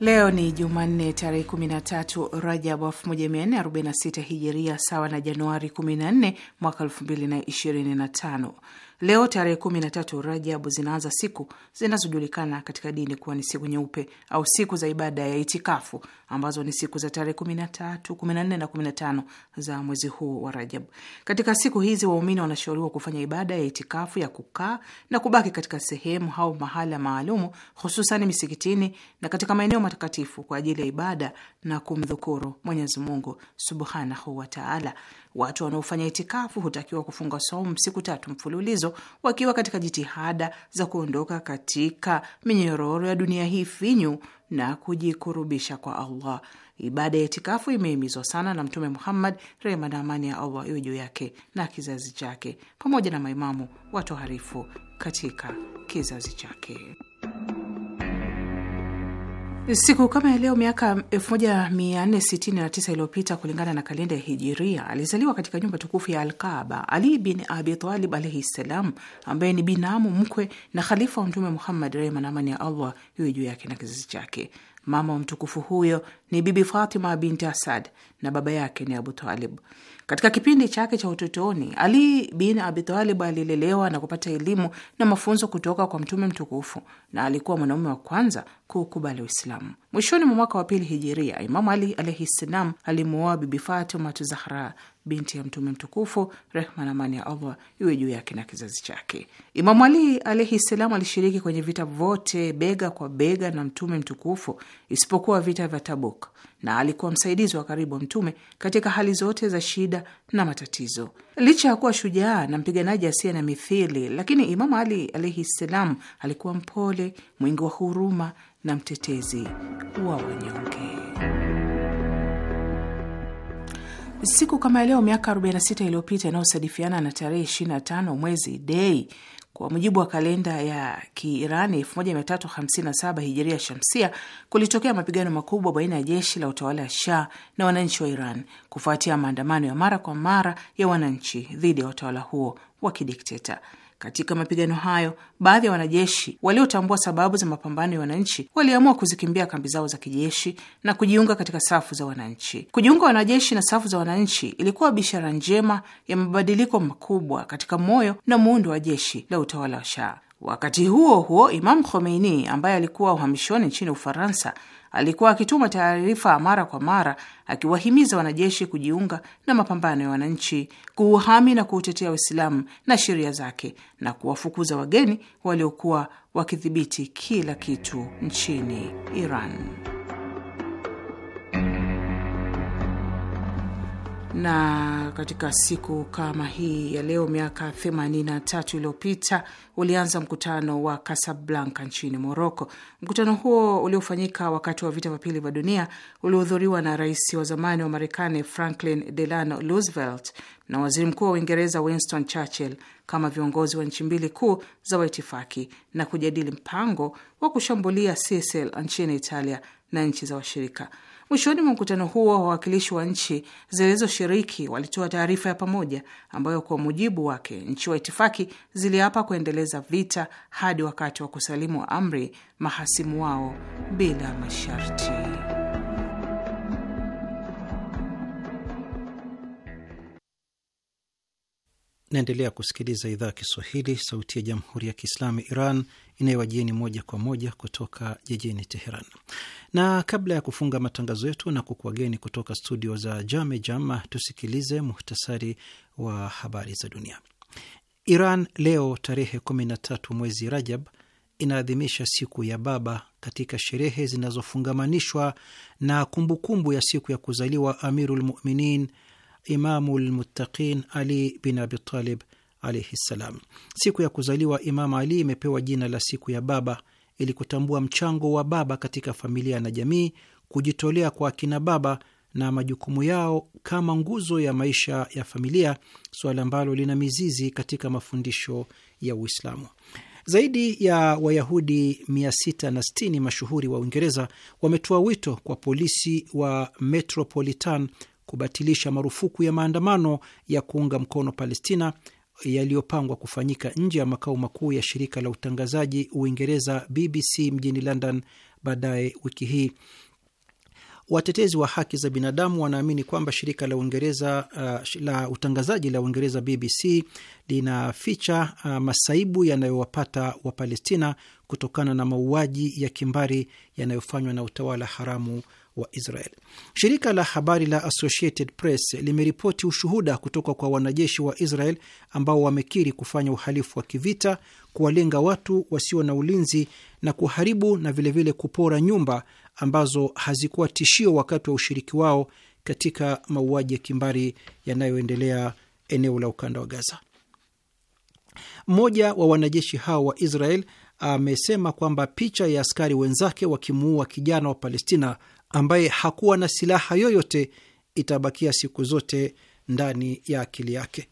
Leo ni Jumanne tarehe 13 Rajab 1446 Hijiria, sawa na Januari 14 mwaka 2025. Leo tarehe kumi na tatu Rajabu zinaanza siku zinazojulikana katika dini kuwa ni siku nyeupe au siku za ibada ya itikafu ambazo ni siku za tarehe kumi na tatu, kumi na nne na na kumi tano za mwezi huu wa Rajabu. Katika siku hizi waumini wanashauriwa kufanya ibada ya itikafu ya kukaa na kubaki katika sehemu au mahala maalumu, hususan misikitini na katika maeneo matakatifu kwa ajili ya ibada na kumdhukuru Mwenyezi Mungu subhanahu wataala. Watu wanaofanya itikafu hutakiwa kufunga saumu siku tatu mfululizo hizo wakiwa katika jitihada za kuondoka katika minyororo ya dunia hii finyu na kujikurubisha kwa Allah. Ibada ya itikafu imehimizwa sana na Mtume Muhammad, rehma na amani ya Allah iwe juu yake na kizazi chake, pamoja na maimamu watoharifu katika kizazi chake. Siku kama ya leo miaka 1469 iliyopita kulingana na kalenda ya Hijiria, alizaliwa katika nyumba tukufu ya Alkaba Ali bin Abitalib alaihi ssalam, ambaye ni binamu mkwe na khalifa wa Mtume Muhammad, rehma na amani ya Allah iwe juu yake na kizazi chake. Mama wa mtukufu huyo ni Bibi Fatima binti Asad na baba yake ni Abutalib. Katika kipindi chake cha utotoni, Ali bin Abitalib alilelewa na kupata elimu na mafunzo kutoka kwa Mtume mtukufu na alikuwa mwanaume wa kwanza kukubali Uislamu. Mwishoni mwa mwaka wa pili hijiria, Imamu Ali alaihi ssalam alimuoa Bibi Fatima Zahra binti ya Mtume mtukufu, rehma na amani ya Allah iwe juu yake na kizazi chake. Imamu Ali alaihi ssalam alishiriki kwenye vita vyote bega kwa bega na Mtume mtukufu isipokuwa vita vya Tabuk, na alikuwa msaidizi wa karibu wa Mtume katika hali zote za shida na matatizo. Licha ya kuwa shujaa na mpiganaji asiye na mithili, lakini Imamu Ali alaihi ssalam alikuwa mpole, mwingi wa huruma na mtetezi wa wanyonge. Siku kama leo miaka 46 iliyopita inayosadifiana na tarehe 25 mwezi Dei kwa mujibu wa kalenda ya Kiirani 1357 hijiria shamsia, kulitokea mapigano makubwa baina ya jeshi la utawala wa Shah na wananchi wa Iran kufuatia maandamano ya mara kwa mara ya wananchi dhidi ya utawala huo wa kidikteta. Katika mapigano hayo, baadhi ya wanajeshi waliotambua sababu za mapambano ya wananchi waliamua kuzikimbia kambi zao za kijeshi na kujiunga katika safu za wananchi. Kujiunga wanajeshi na safu za wananchi ilikuwa bishara njema ya mabadiliko makubwa katika moyo na muundo wa jeshi la utawala wa Shah. Wakati huo huo, Imam Khomeini ambaye alikuwa uhamishoni nchini Ufaransa alikuwa akituma taarifa mara kwa mara akiwahimiza wanajeshi kujiunga na mapambano ya wananchi kuuhami na kuutetea Uislamu na sheria zake na kuwafukuza wageni waliokuwa wakidhibiti kila kitu nchini Iran. na katika siku kama hii ya leo miaka 83 iliyopita ulianza mkutano wa Casablanca nchini Moroko. Mkutano huo uliofanyika wakati wa vita vya pili vya dunia uliohudhuriwa na rais wa zamani wa Marekani Franklin Delano Roosevelt na waziri mkuu wa Uingereza Winston Churchill kama viongozi wa nchi mbili kuu za waitifaki na kujadili mpango wa kushambulia Sisili nchini Italia na nchi za washirika. Mwishoni mwa mkutano huo wawakilishi wa nchi zilizoshiriki walitoa taarifa ya pamoja ambayo kwa mujibu wake nchi wa itifaki ziliapa kuendeleza vita hadi wakati wa kusalimu amri mahasimu wao bila masharti. Naendelea kusikiliza idhaa ya Kiswahili, sauti ya jamhuri ya kiislamu Iran inayowajieni moja kwa moja kutoka jijini Teheran. Na kabla ya kufunga matangazo yetu na kukuwageni kutoka studio za Jame Jama, tusikilize muhtasari wa habari za dunia. Iran leo tarehe 13 mwezi Rajab inaadhimisha siku ya baba katika sherehe zinazofungamanishwa na kumbukumbu ya siku ya kuzaliwa amirulmuminin Muminin Imamu lmuttaqin Ali bin Abitalib alaihi ssalam. Siku ya kuzaliwa Imamu Ali imepewa jina la siku ya baba ili kutambua mchango wa baba katika familia na jamii, kujitolea kwa akina baba na majukumu yao kama nguzo ya maisha ya familia, suala ambalo lina mizizi katika mafundisho ya Uislamu. Zaidi ya Wayahudi 660 mashuhuri wa Uingereza wametoa wito kwa polisi wa Metropolitan kubatilisha marufuku ya maandamano ya kuunga mkono Palestina yaliyopangwa kufanyika nje ya makao makuu ya shirika la utangazaji Uingereza BBC mjini London baadaye wiki hii. Watetezi wa haki za binadamu wanaamini kwamba shirika la Uingereza uh, la utangazaji la Uingereza BBC linaficha uh, masaibu yanayowapata Wapalestina kutokana na mauaji ya kimbari yanayofanywa na utawala haramu wa Israel. Shirika la habari la Associated Press limeripoti ushuhuda kutoka kwa wanajeshi wa Israel ambao wamekiri kufanya uhalifu wa kivita, kuwalenga watu wasio na ulinzi na kuharibu na vilevile vile kupora nyumba ambazo hazikuwa tishio wakati wa ushiriki wao katika mauaji ya kimbari yanayoendelea eneo la ukanda wa Gaza. Mmoja wa wanajeshi hao wa Israel amesema kwamba picha ya askari wenzake wakimuua kijana wa Palestina ambaye hakuwa na silaha yoyote itabakia siku zote ndani ya akili yake.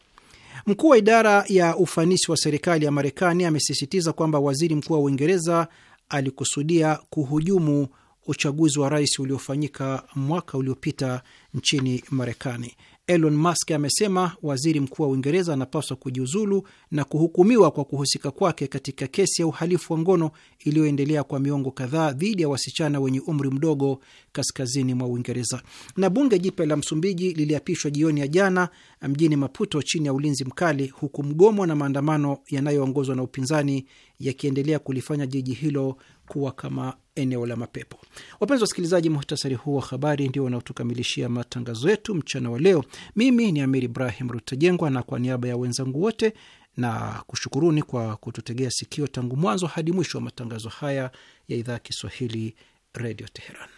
Mkuu wa idara ya ufanisi wa serikali ya Marekani amesisitiza kwamba waziri mkuu wa Uingereza alikusudia kuhujumu uchaguzi wa rais uliofanyika mwaka uliopita nchini Marekani Elon Musk amesema waziri mkuu wa Uingereza anapaswa kujiuzulu na kuhukumiwa kwa kuhusika kwake katika kesi ya uhalifu wa ngono iliyoendelea kwa miongo kadhaa dhidi ya wasichana wenye umri mdogo kaskazini mwa Uingereza. Na bunge jipya la Msumbiji liliapishwa jioni ya jana mjini Maputo chini ya ulinzi mkali, huku mgomo na maandamano yanayoongozwa na upinzani yakiendelea kulifanya jiji hilo kuwa kama eneo la mapepo. Wapenzi wasikilizaji, muhtasari huu wa habari ndio wanaotukamilishia matangazo yetu mchana wa leo. Mimi ni Amir Ibrahim Rutajengwa, na kwa niaba ya wenzangu wote na kushukuruni kwa kututegea sikio tangu mwanzo hadi mwisho wa matangazo haya ya idhaa ya Kiswahili, Redio Teheran.